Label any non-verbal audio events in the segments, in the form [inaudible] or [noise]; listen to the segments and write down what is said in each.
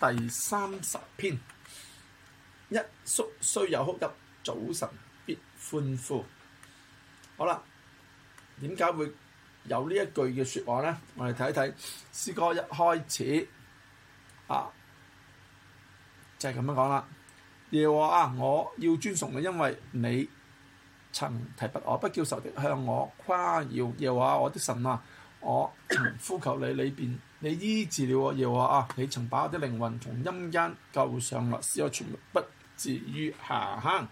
第三十篇，一宿雖有哭泣，早晨必歡呼。好啦，點解會有呢一句嘅説話咧？我哋睇一睇詩歌一開始啊，就係、是、咁樣講啦。耶和華啊，我要尊崇你，因為你曾提拔我，不叫仇敵向我誇耀。耶和華、啊、我的神啊！我曾、哦、呼求你，你便你醫治了我，耶和華啊！你曾把我啲靈魂從陰間救上來，使我全部不至於下坑。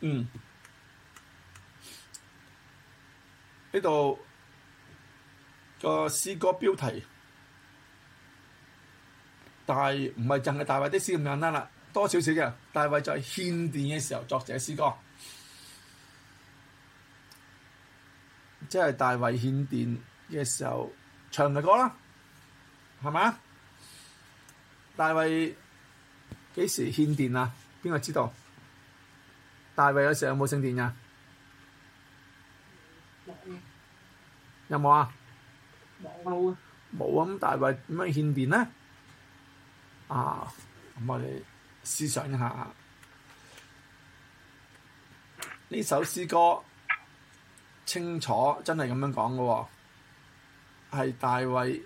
嗯，呢度個詩歌標題，但係唔係淨係大衛啲詩咁簡單啦，多少少嘅，大衛在獻殿嘅時候作這詩歌。即係大衛獻殿嘅時候，唱嘅歌啦，係嘛？大衛幾時獻殿啊？邊個知道？大衛有時候有冇聖殿呀？有冇啊？冇啊！冇啊！咁大衛點樣獻殿呢？啊，咁我哋思想一下呢首詩歌。清楚真係咁樣講嘅喎，係大衛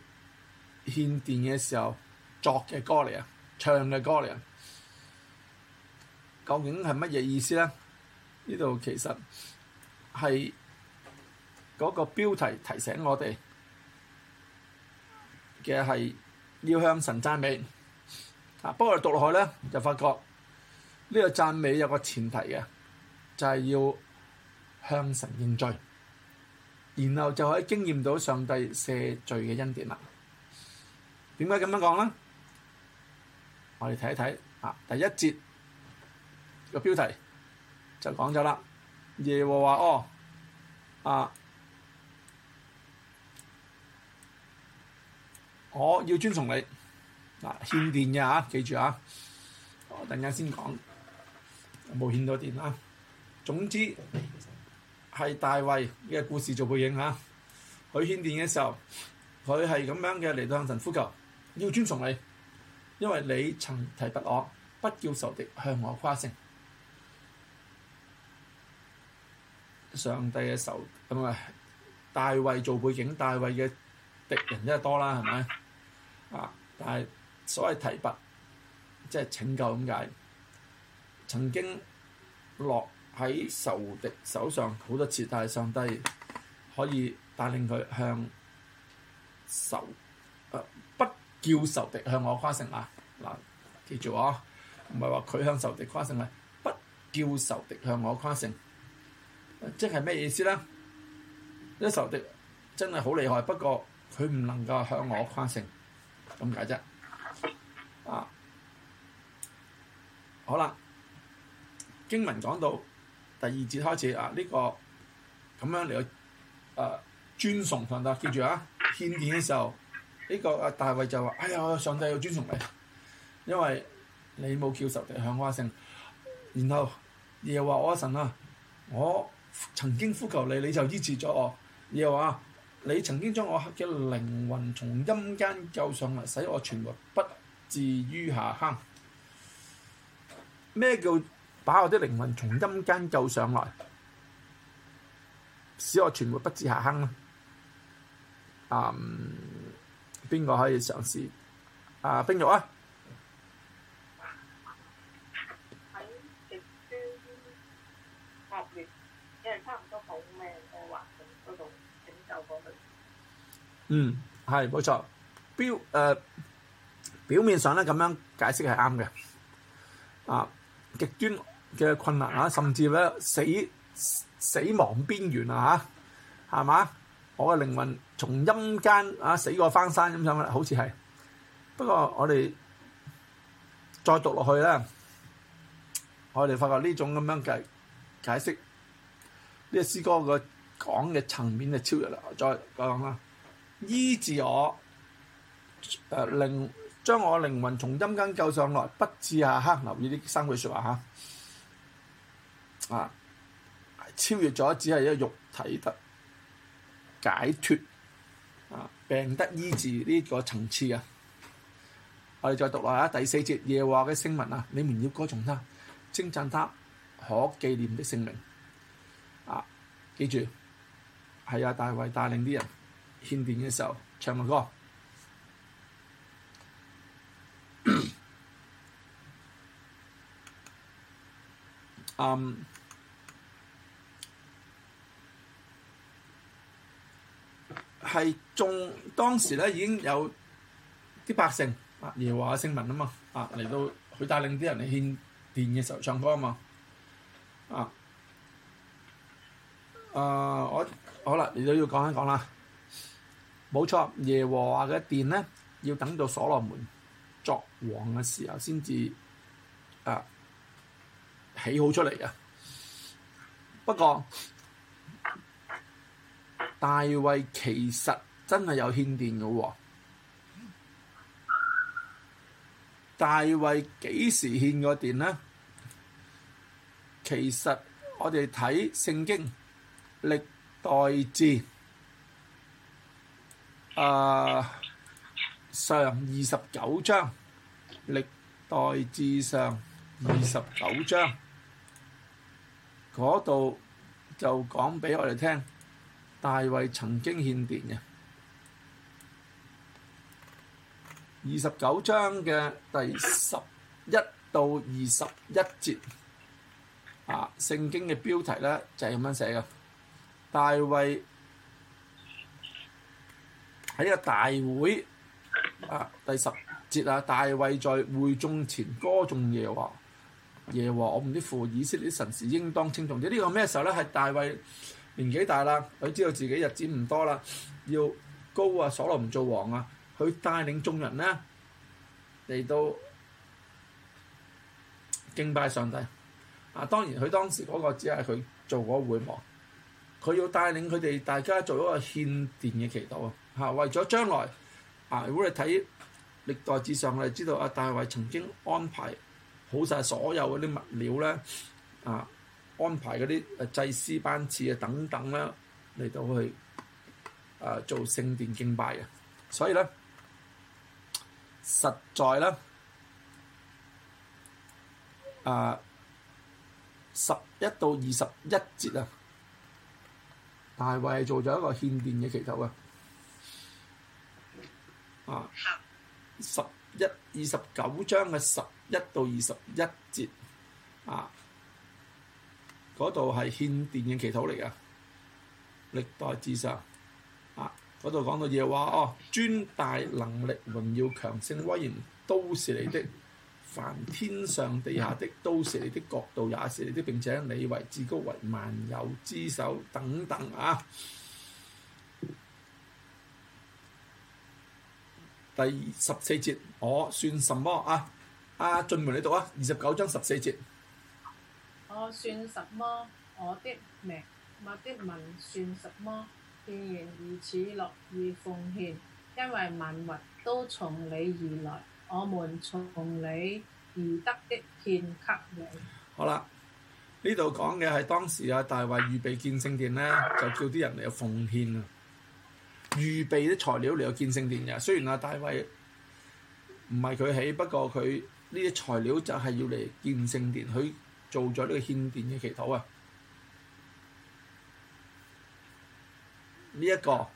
獻殿嘅時候作嘅歌嚟啊，唱嘅歌嚟啊，究竟係乜嘢意思咧？呢度其實係嗰個標題提醒我哋嘅係要向神讚美啊。不過讀落去咧，就發覺呢個讚美有個前提嘅，就係要向神認罪。然後就可以經驗到上帝赦罪嘅恩典啦。點解咁樣講咧？我哋睇一睇啊，第一節嘅、這個、標題就講咗啦。耶和華哦，啊，我要尊崇你嗱，獻、啊、殿嘅嚇、啊，記住啊。我等陣先講，冇獻到殿啦。總之。係大衛嘅故事做背景啊！佢獻殿嘅時候，佢係咁樣嘅嚟到向神呼求，要尊崇你，因為你曾提拔我，不叫仇敵向我誇勝。上帝嘅仇咁啊！大衛做背景，大衛嘅敵人真係多啦，係咪啊？但係所謂提拔，即係拯救咁解，曾經落。喺仇敵手上好多次，但係上帝可以帶領佢向仇，誒不叫仇敵向我誇勝啊！嗱，記住啊，唔係話佢向仇敵誇勝啊，不叫仇敵向我誇勝、啊哦啊，即係咩意思咧？一仇敵真係好厲害，不過佢唔能夠向我誇勝，咁解啫。啊，好啦，經文講到。第二節開始啊，呢，這個咁樣嚟，誒、啊、尊崇神啊，記住啊，獻殿嘅時候呢，這個阿大衛就話，哎呀，上帝要尊崇你，因為你冇叫仇敵，向我誇勝。然後又話我阿神啊，我曾經呼求你，你就醫治咗我。又話你曾經將我嘅靈魂從陰間救上嚟，使我存活不至於下坑。咩叫？把我的靈魂從陰間救上來，使我存活不至下坑啦！啊，邊個可以嘗試？啊，冰玉啊！嗯，係冇錯。表誒表面上咧咁樣解釋係啱嘅。啊，極端。嘅困難啊，甚至咧死死亡邊緣啊，嚇係嘛？我嘅靈魂從陰間啊死過翻生。咁樣啦，好似係。不過我哋再讀落去咧，我哋發覺呢種咁樣嘅解，解釋呢個詩歌個講嘅層面就超越啦。再講啦，醫治我誒、呃、靈將我靈魂從陰間救上來，不致下坑，啊。留意呢三句説話嚇。啊啊！超越咗只係一個肉體得解脫，啊病得醫治呢個層次啊！我哋再讀落去、啊、第四節耶和華嘅聖民，啊！你們要歌頌他，稱讚他可紀念的聖名。啊！記住，係阿、啊、大衛帶領啲人獻殿嘅時候唱嘅歌。 [coughs] um, 係仲當時咧已經有啲百姓，啊、耶和華嘅聖民啊嘛，啊嚟到佢帶領啲人嚟獻殿嘅時候唱歌啊嘛，啊，誒、啊、我好啦，你都要講一講啦，冇錯，耶和華嘅殿咧要等到所羅門作王嘅時候先至誒起好出嚟啊，不過。大衛其實真係有獻殿嘅，大衛幾時獻過殿呢？其實我哋睇聖經歷代志啊上二十九章，歷代志上二十九章嗰度就講俾我哋聽。大衛曾經獻殿嘅二十九章嘅第十一到二十一節啊，聖經嘅標題咧就係咁樣寫嘅。大衛喺呢個大會啊，第十節啊，大衛在會眾前歌頌耶和華，耶和華，我們啲父以色列啲神是應當稱頌啲。呢個咩時候咧？係大衛。年紀大啦，佢知道自己日子唔多啦，要膏啊所羅門做王啊，佢帶領眾人咧嚟到敬拜上帝。啊，當然佢當時嗰個只係佢做嗰個會幕，佢要帶領佢哋大家做一個獻殿嘅祈禱啊！嚇，為咗將來啊，如果你睇歷代志上，我哋知道啊，大衛曾經安排好晒所有嗰啲物料咧啊。安排嗰啲誒祭司班次啊，等等啦，嚟到去誒做聖殿敬拜啊，所以咧實在啦誒十一到二十一節啊，大衛做咗一個獻殿嘅祈求嘅啊，十一二十九章嘅十一到二十一節啊。嗰度係獻殿嘅祈禱嚟噶，歷代志上啊，嗰度講到嘢話哦，尊大能力榮耀強盛威嚴都是你的，凡天上地下的都是你的國度，也是你的，並且你為至高為萬有之首等等啊。啊第十四節，我、哦、算什麼啊？阿俊文你讀啊，二十九章十四節。我算什麼？我的命，我的民算什麼？既然如此樂意奉獻，因為萬物都從你而來，我們從你而得的獻給你。好啦，呢度講嘅係當時阿大衛預備建聖殿咧，就叫啲人嚟有奉獻啊！預備啲材料嚟有建聖殿嘅，雖然阿大衛唔係佢起，不過佢呢啲材料就係要嚟建聖殿，佢。做咗呢個獻殿嘅祈禱啊！呢一個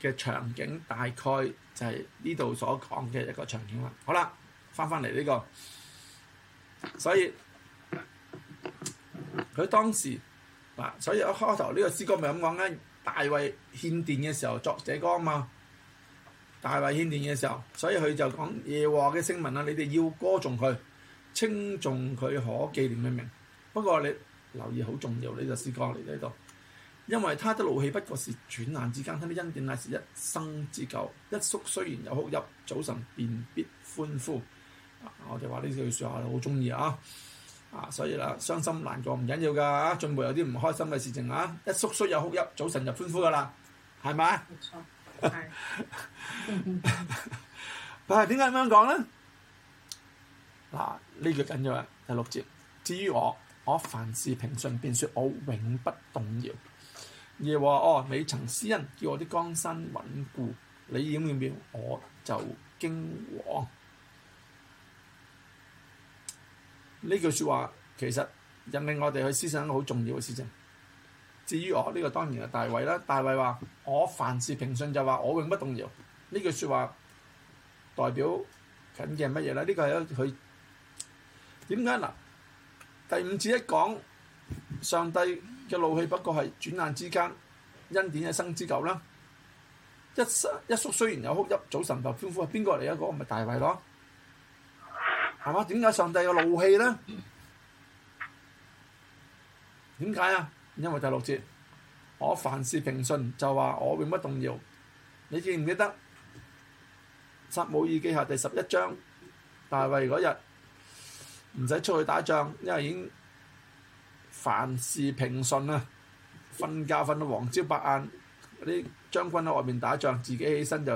嘅場景大概就係呢度所講嘅一個場景啦。好啦，翻翻嚟呢個，所以佢當時啊，所以一開頭呢個詩歌咪咁講咧，大衛獻殿嘅時候作這首歌啊嘛，大衛獻殿嘅時候，所以佢就講耶和華嘅聖名啊，你哋要歌頌佢。稱頌佢可紀念嘅名，不過你留意好重要，你就試過嚟，呢度。因為他的怒氣不過是轉眼之間，他的恩典乃是一生之久。一宿雖然有哭泣，早晨便必歡呼。啊、我哋話呢句說話，我哋好中意啊！啊，所以啦，傷心難過唔緊要噶，進步有啲唔開心嘅事情啊，一宿雖有哭泣，早晨就歡呼噶啦，係咪啊？冇錯。但係點解咁樣講咧？嗱，呢句緊要啊！第六節，至於我，我凡事平順，便説我永不動搖。耶和華啊，你曾施恩叫我啲江山穩固，你掩面，我就驚惶。呢句説話其實引領我哋去思想一個好重要嘅事情。至於我呢、這個當然係大衛啦，大衛話我凡事平順就話我永不動搖。呢句説話代表緊嘅乜嘢咧？呢、這個係佢。點解嗱？第五節一講，上帝嘅怒氣不過係轉眼之間，恩典一生之久啦。一宿一宿雖然有哭泣，一早晨就歡呼，係邊個嚟啊？嗰個咪大衛咯，係嘛？點解上帝有怒氣咧？點解啊？因為第六節，我凡事平順就話我永不動搖。你記唔記得撒母耳記下第十一章，大衛嗰日？唔使出去打仗，因為已經凡事平順啦。瞓覺瞓到黃朝白晏，啲將軍喺外面打仗，自己起身就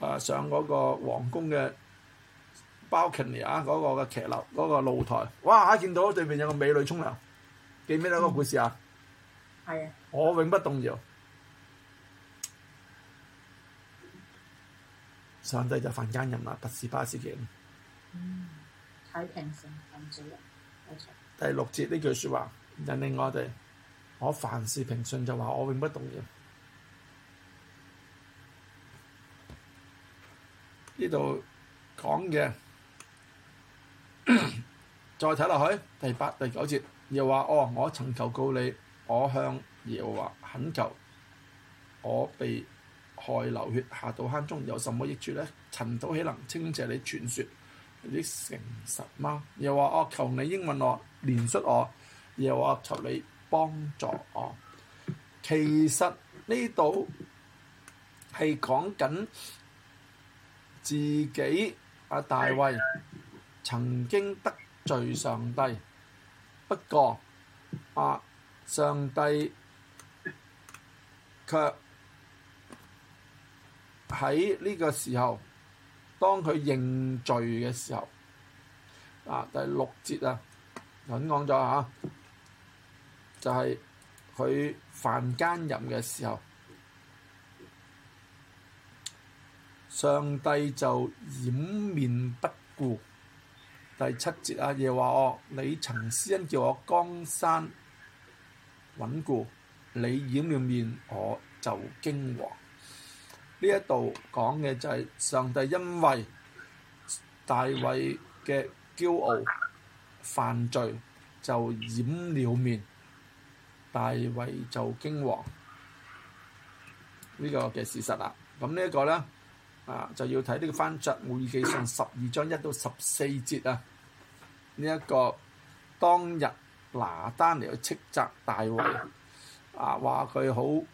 啊、呃、上嗰個皇宮嘅 balcony 啊，嗰個嘅騎樓，嗰、嗰個露台，哇！見到對面有個美女沖涼，記唔記得個故事啊？係啊、嗯！我永不動搖，的上帝就凡間人啊，拔示巴事件。嗯。第六節呢句説話引領我哋，我凡事平順就話我永不動搖。呢度講嘅，再睇落去第八、第九節又話：哦，我曾求告你，我向耶和華懇求，我被害流血下到坑中有什麼益處呢？塵土豈能稱謝你傳説？你誠實嗎？又話我求你英文我憐恤我，又話求你幫助我。其實呢度係講緊自己啊，大衛曾經得罪上帝，不過啊，上帝卻喺呢個時候。當佢認罪嘅時候，啊，第六節啊，頭先講咗啦就係、是、佢犯奸淫嘅時候，上帝就掩面不顧。第七節啊，耶和華，你：「你曾施恩叫我江山穩固，你掩了面我就驚惶。呢一度講嘅就係上帝因為大衛嘅驕傲犯罪，就掩了面，大衛就驚惶。呢個嘅事實啦，咁呢一個咧啊，就要睇呢個翻族會記上十二章一到十四節啊。呢一個當日拿單嚟去斥責大衛，啊話佢好。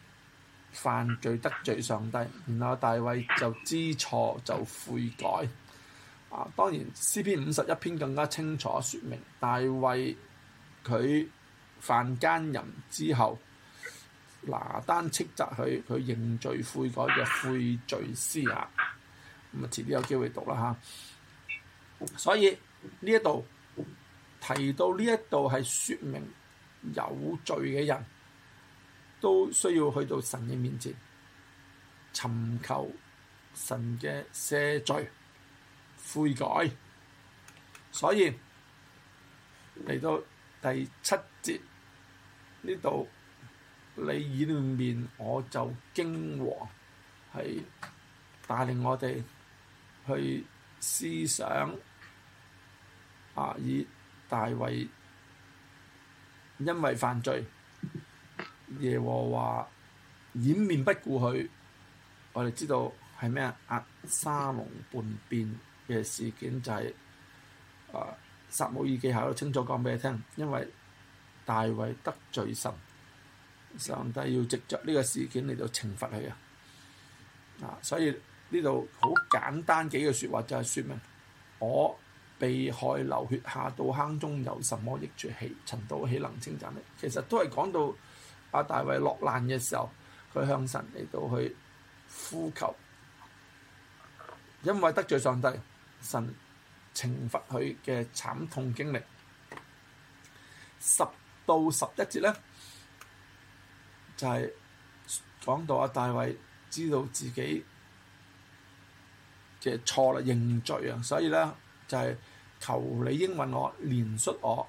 犯罪得罪上帝，然後大衛就知錯就悔改。啊，當然詩篇五十一篇更加清楚說明大衛佢犯奸淫之後拿單，斥責佢，佢認罪悔改嘅悔罪詩啊。咁啊，遲啲有機會讀啦，吓、啊。所以呢一度提到呢一度係說明有罪嘅人，都需要去到神嘅面前，尋求神嘅赦罪悔改。所以嚟到第七節呢度，你掩面我就驚惶，係帶領我哋去思想，啊以大衛因為犯罪。耶和華掩面不顧佢，我哋知道係咩啊？押沙龍叛變嘅事件就係、是《啊撒母耳記下》都清楚講俾你聽，因為大衛得罪神，上帝要藉着呢個事件嚟到懲罰佢啊！啊，所以呢度好簡單幾個説話就係、是、説明我被害流血下到坑中，有什麼益處起？塵土豈能稱讚咩？其實都係講到。阿、啊、大衛落難嘅時候，佢向神嚟到去呼求，因為得罪上帝，神懲罰佢嘅慘痛經歷。十到十一節咧，就係、是、講到阿、啊、大衛知道自己嘅錯啦，認罪啊，所以咧就係、是、求你應允我，憐恤我，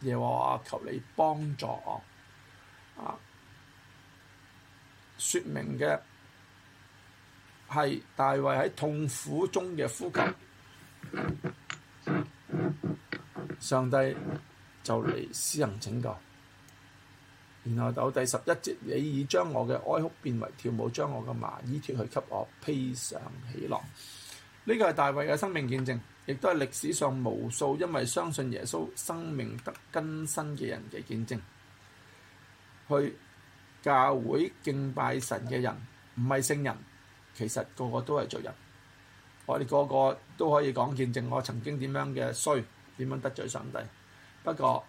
耶和華求你幫助我。啊！說明嘅係大衛喺痛苦中嘅呼求，上帝就嚟施行拯救。然後到第十一節，你已將我嘅哀哭變為跳舞，將我嘅麻衣脱去，給我披上喜樂。呢、這個係大衛嘅生命見證，亦都係歷史上無數因為相信耶穌生命得更新嘅人嘅見證。去教會敬拜神嘅人唔係聖人，其實個個都係罪人。我哋個個都可以講見證，我曾經點樣嘅衰，點樣得罪上帝。不過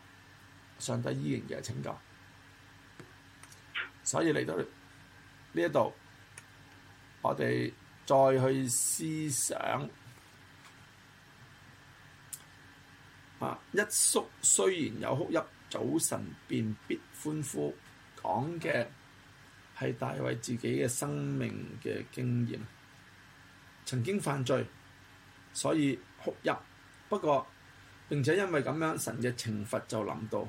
上帝依然嘅拯救。所以嚟到呢一度，我哋再去思想啊，一宿雖然有哭泣，早晨便必歡呼。講嘅係大衛自己嘅生命嘅經驗，曾經犯罪，所以哭泣。不過，並且因為咁樣，神嘅懲罰就臨到。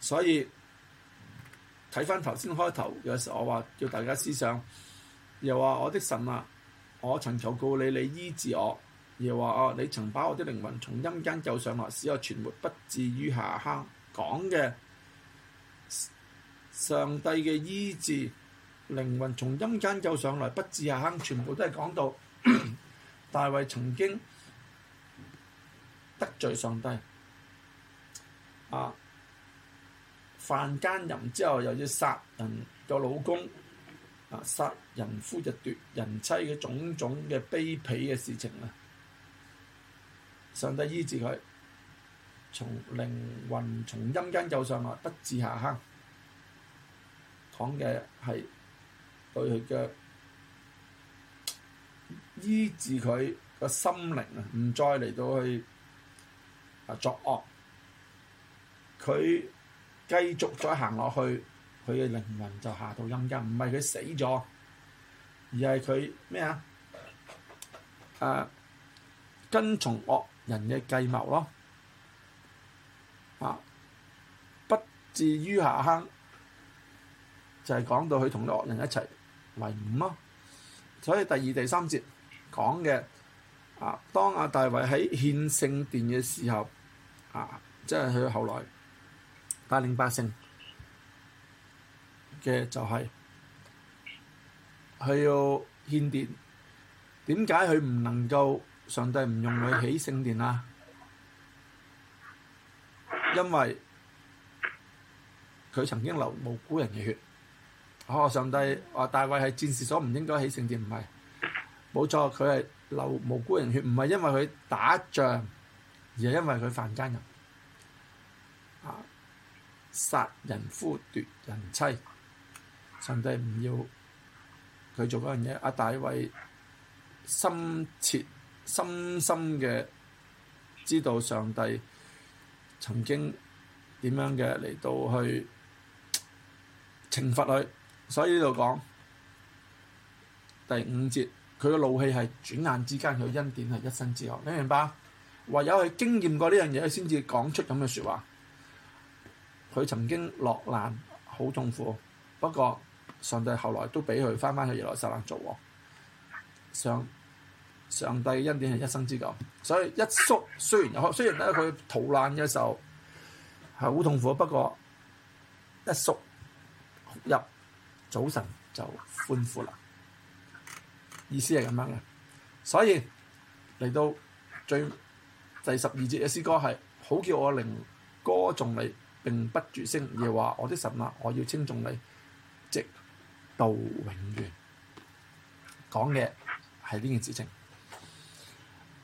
所以睇翻頭先開頭嘅時候我話，叫大家思想，又話我的神啊，我曾求告你，你醫治我。又話哦，你曾把我的靈魂從陰間救上來，使我存活不至於下坑。講嘅上帝嘅醫治靈魂從陰間救上來，不至於下坑，全部都係講到 [coughs] 大衛曾經得罪上帝啊，犯奸淫之後又要殺人個老公啊，殺人夫就奪人妻嘅種種嘅卑鄙嘅事情啊！上帝醫治佢，從靈魂從陰間救上來，不至下坑。講嘅係對佢嘅醫治佢個心靈啊，唔再嚟到去啊作惡。佢繼續再行落去，佢嘅靈魂就下到陰間。唔係佢死咗，而係佢咩啊？誒，跟從惡。人嘅計謀咯，啊，不至於下坑，就係講到佢同惡人一齊為伍咯。所以第二第三節講嘅，啊，當阿大衛喺獻聖殿嘅時候，啊，即係佢後來帶領百姓嘅就係，佢要獻殿。點解佢唔能夠？上帝唔用佢起聖殿啊，因為佢曾經流無辜人嘅血。哦，上帝話：大衛係戰士，所唔應該起聖殿，唔係冇錯，佢係流無辜人血，唔係因為佢打仗，而係因為佢犯奸淫啊，殺人夫奪人妻。上帝唔要佢做嗰樣嘢。阿大衛深切。深深嘅知道上帝曾經點樣嘅嚟到去懲罰佢，所以呢度講第五節，佢嘅怒氣係轉眼之間，佢恩典係一生之久，你明白？唯有佢經驗過呢樣嘢，佢先至講出咁嘅說話。佢曾經落難，好痛苦，不過上帝後來都俾佢翻返去耶路撒冷做。上。上帝恩典係一生之久，所以一宿雖然有，雖然咧佢逃難嘅時候係好痛苦，不過一宿入早晨就歡呼啦，意思係咁樣嘅。所以嚟到最第十二節嘅詩歌係好叫我靈歌頌你並不住聲，耶和華我的神啊，我要稱頌你直到永遠，講嘅係呢件事情。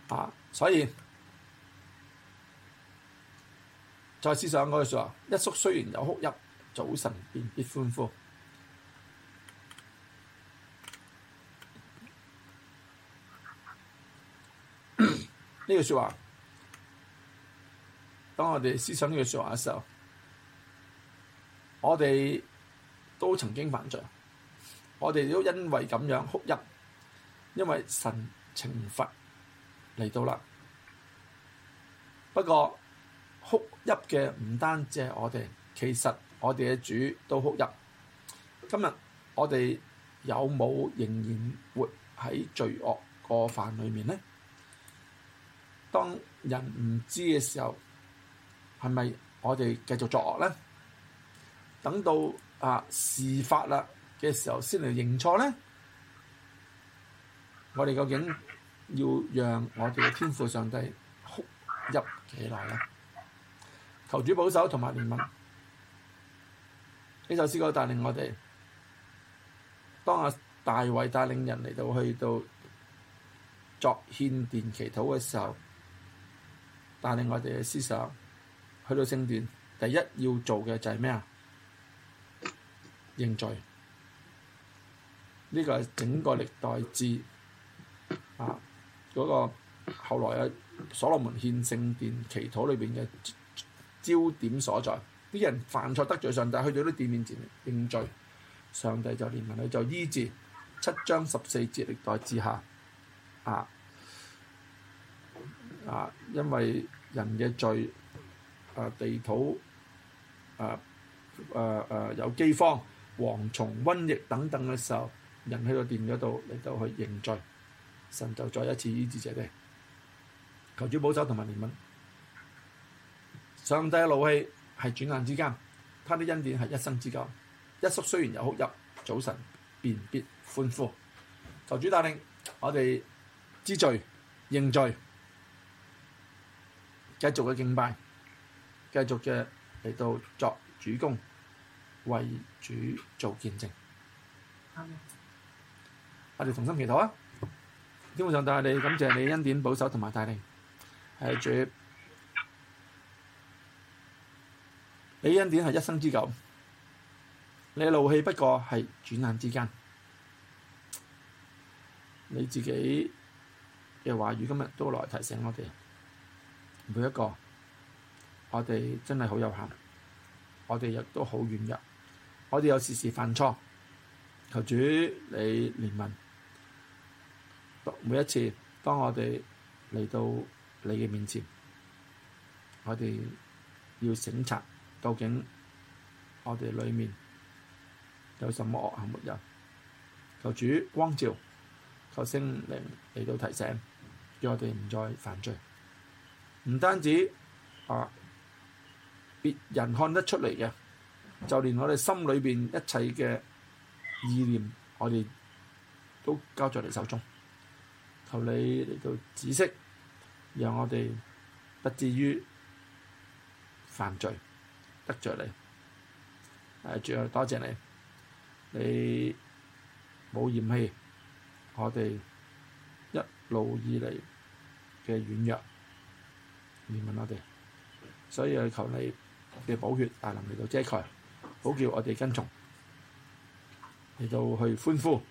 啊！所以再、就是、思想嗰句說話：一宿雖然有哭泣，早晨便必歡呼。呢 [coughs] 句說話，當我哋思想呢句說話嘅時候，我哋都曾經犯罪，我哋都因為咁樣哭泣，因為神懲罰。嚟到啦！不過哭泣嘅唔單止係我哋，其實我哋嘅主都哭泣。今日我哋有冇仍然活喺罪惡過犯裡面呢？當人唔知嘅時候，係咪我哋繼續作惡呢？等到啊事發啦嘅時候，先嚟認錯呢？我哋究竟要讓我哋嘅天父上帝哭泣起來啦？求主保守同埋憐憫呢首詩歌，帶領我哋。當阿大衛帶領人嚟到去到作獻殿祈禱嘅時候，帶領我哋嘅思想，去到聖殿，第一要做嘅就係咩啊？認罪。呢個係整個歷代志啊～嗰個後來嘅所羅門獻聖殿祈禱裏邊嘅焦點所在，啲人犯錯得罪上帝，去到啲殿面前認罪，上帝就憐憫佢，就醫治，七章十四節歷代志下啊啊，因為人嘅罪啊，地土啊啊啊有饑荒、蝗蟲、瘟疫等等嘅時候，人喺個殿嗰度嚟到去認罪。神就再一次醫治這地，求主保守同埋憐憫，上帝嘅怒氣係轉眼之間，他的恩典係一生之久。一宿雖然有哭泣，早晨便必歡呼。求主帶領我哋知罪認罪，繼續嘅敬拜，繼續嘅嚟到作主工，為主做見證。我哋同心祈禱啊！基本上大家感謝你恩典保守同埋帶領係主，你恩典係一生之久，你怒氣不過係轉眼之間，你自己嘅話語今日都來提醒我哋每一個，我哋真係好有限，我哋亦都好軟弱，我哋有時時犯錯，求主你憐憫。每一次，當我哋嚟到你嘅面前，我哋要省察究竟我哋裏面有什麼惡行沒有。求主光照，求聖靈嚟到提醒，叫我哋唔再犯罪。唔單止啊，別人看得出嚟嘅，就連我哋心裏邊一切嘅意念，我哋都交在你手中。求你嚟到指示，讓我哋不至於犯罪得罪你。誒，最後多謝你，你冇嫌棄我哋一路以嚟嘅軟弱，憐憫我哋。所以我求你嘅寶血，大能嚟到遮蓋，好叫我哋跟從嚟到去歡呼，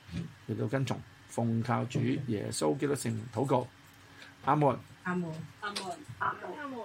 嚟到跟從。奉靠主耶穌基督聖徒禱告，阿門。阿門。阿門。阿門。